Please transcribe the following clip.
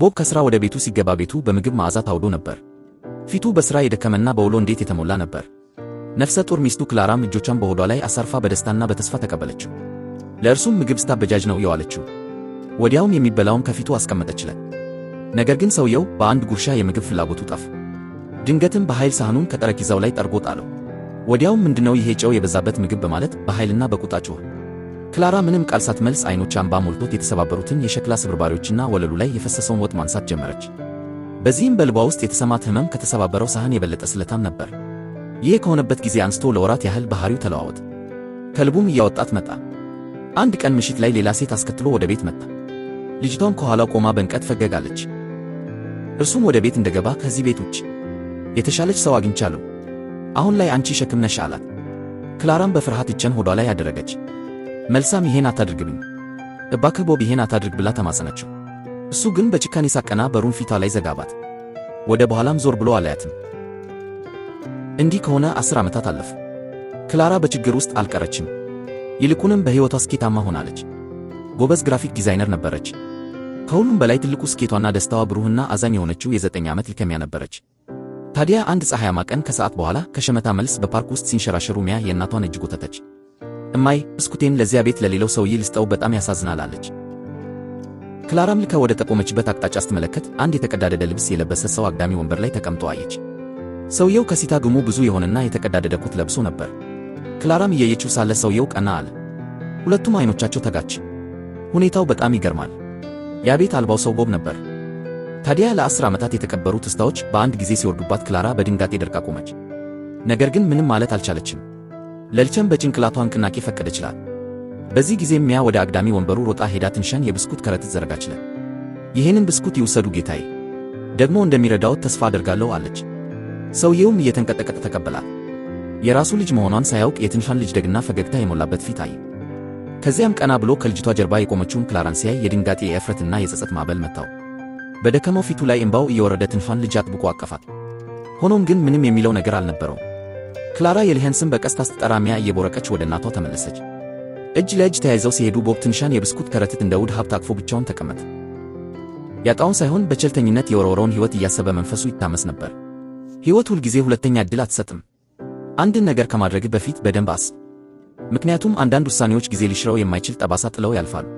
ቦብ ከሥራ ወደ ቤቱ ሲገባ ቤቱ በምግብ መዓዛ ታውዶ ነበር። ፊቱ በሥራ የደከመና በውሎ እንዴት የተሞላ ነበር። ነፍሰ ጡር ሚስቱ ክላራም እጆቿን በሆዷ ላይ አሳርፋ በደስታና በተስፋ ተቀበለችው። ለእርሱም ምግብ ስታበጃጅ ነው የዋለችው። ወዲያውም የሚበላውን ከፊቱ አስቀመጠችለት። ነገር ግን ሰውየው በአንድ ጉርሻ የምግብ ፍላጎቱ ጠፍ። ድንገትም በኃይል ሳህኑን ከጠረጴዛው ላይ ጠርጎ ጣለው። ወዲያውም ምንድነው ይሄ ጨው የበዛበት ምግብ በማለት በኃይልና በቁጣ ጮኸ። ክላራ ምንም ቃል ሳትመልስ አይኖች እንባ ሞልቶት የተሰባበሩትን የሸክላ ስብርባሪዎችና ወለሉ ላይ የፈሰሰውን ወጥ ማንሳት ጀመረች። በዚህም በልቧ ውስጥ የተሰማት ህመም ከተሰባበረው ሳህን የበለጠ ስለታም ነበር። ይህ ከሆነበት ጊዜ አንስቶ ለወራት ያህል ባህሪው ተለዋወጥ ከልቡም እያወጣት መጣ። አንድ ቀን ምሽት ላይ ሌላ ሴት አስከትሎ ወደ ቤት መጣ። ልጅቷም ከኋላው ቆማ በንቀት ፈገጋለች። እርሱም ወደ ቤት እንደገባ ከዚህ ቤት ውጭ የተሻለች ሰው አግኝቻለሁ፣ አሁን ላይ አንቺ ሸክም ነሽ አላት። ክላራም በፍርሃት እጇን ሆዷ ላይ አደረገች። መልሳም ይሄን አታድርግብኝ እባክህ ቦብ ይሄን አታድርግ ብላ ተማጸነችው። እሱ ግን በጭካኔ ሳቀና በሩን ፊቷ ላይ ዘጋባት። ወደ በኋላም ዞር ብሎ አላያትም። እንዲህ ከሆነ አስር ዓመታት አለፉ። ክላራ በችግር ውስጥ አልቀረችም። ይልቁንም በሕይወቷ ስኬታማ ሆናለች። ጎበዝ ግራፊክ ዲዛይነር ነበረች። ከሁሉም በላይ ትልቁ ስኬቷና ደስታዋ ብሩህና አዛኝ የሆነችው የዘጠኝ ዓመት ልከሚያ ነበረች። ታዲያ አንድ ፀሐያማ ቀን ከሰዓት በኋላ ከሸመታ መልስ በፓርክ ውስጥ ሲንሸራሸሩ ሚያ የእናቷን እጅ ጎተተች። እማይ ብስኩቴን ለዚያ ቤት ለሌለው ሰውዬ ልስጠው፣ በጣም ያሳዝናል አለች። ክላራም ልካ ወደ ተቆመችበት አቅጣጫ ስትመለከት አንድ የተቀዳደደ ልብስ የለበሰ ሰው አግዳሚ ወንበር ላይ ተቀምጦ አየች። ሰውየው ከሲታ ግሙ ብዙ የሆነና የተቀዳደደ ኩት ለብሶ ነበር። ክላራም እያየችው ሳለ ሰውየው ቀና አለ። ሁለቱም አይኖቻቸው ተጋች። ሁኔታው በጣም ይገርማል። ቤት አልባው ሰው ቦብ ነበር። ታዲያ ለአስር ዓመታት የተቀበሩ ትዝታዎች በአንድ ጊዜ ሲወርዱባት ክላራ በድንጋጤ ደርቃ ቆመች። ነገር ግን ምንም ማለት አልቻለችም። ለልቸም በጭንቅላቷ ንቅናቄ ፈቀደችላት። በዚህ ጊዜ ሚያ ወደ አግዳሚ ወንበሩ ሮጣ ሄዳ ትንሻን የብስኩት ከረጢት ዘረጋችለት። ይህንን ብስኩት ይውሰዱ ጌታዬ፣ ደግሞ እንደሚረዳውት ተስፋ አደርጋለሁ አለች። ሰውየውም እየተንቀጠቀጠ ተቀበላት። የራሱ ልጅ መሆኗን ሳያውቅ የትንሻን ልጅ ደግና ፈገግታ የሞላበት ፊት አየ። ከዚያም ቀና ብሎ ከልጅቷ ጀርባ የቆመችውን ክላራን ሲያይ የድንጋጤ የእፍረትና የጸጸት ማዕበል መታው። በደከመው ፊቱ ላይ እምባው እየወረደ ትንሻን ልጅ አጥብቆ አቀፋት። ሆኖም ግን ምንም የሚለው ነገር አልነበረውም። ክላራ የሊሄን ስም በቀስታ ስትጠራ ሚያ እየቦረቀች ወደ እናቷ ተመለሰች። እጅ ለእጅ ተያይዘው ሲሄዱ ቦብ ትንሻን የብስኩት ከረጢት እንደ ውድ ሀብት አቅፎ ብቻውን ተቀመጠ። ያጣውን ሳይሆን በቸልተኝነት የወረወረውን ሕይወት እያሰበ መንፈሱ ይታመስ ነበር። ሕይወት ሁልጊዜ ሁለተኛ ዕድል አትሰጥም። አንድን ነገር ከማድረግ በፊት በደንብ አስብ፣ ምክንያቱም አንዳንድ ውሳኔዎች ጊዜ ሊሽረው የማይችል ጠባሳ ጥለው ያልፋሉ።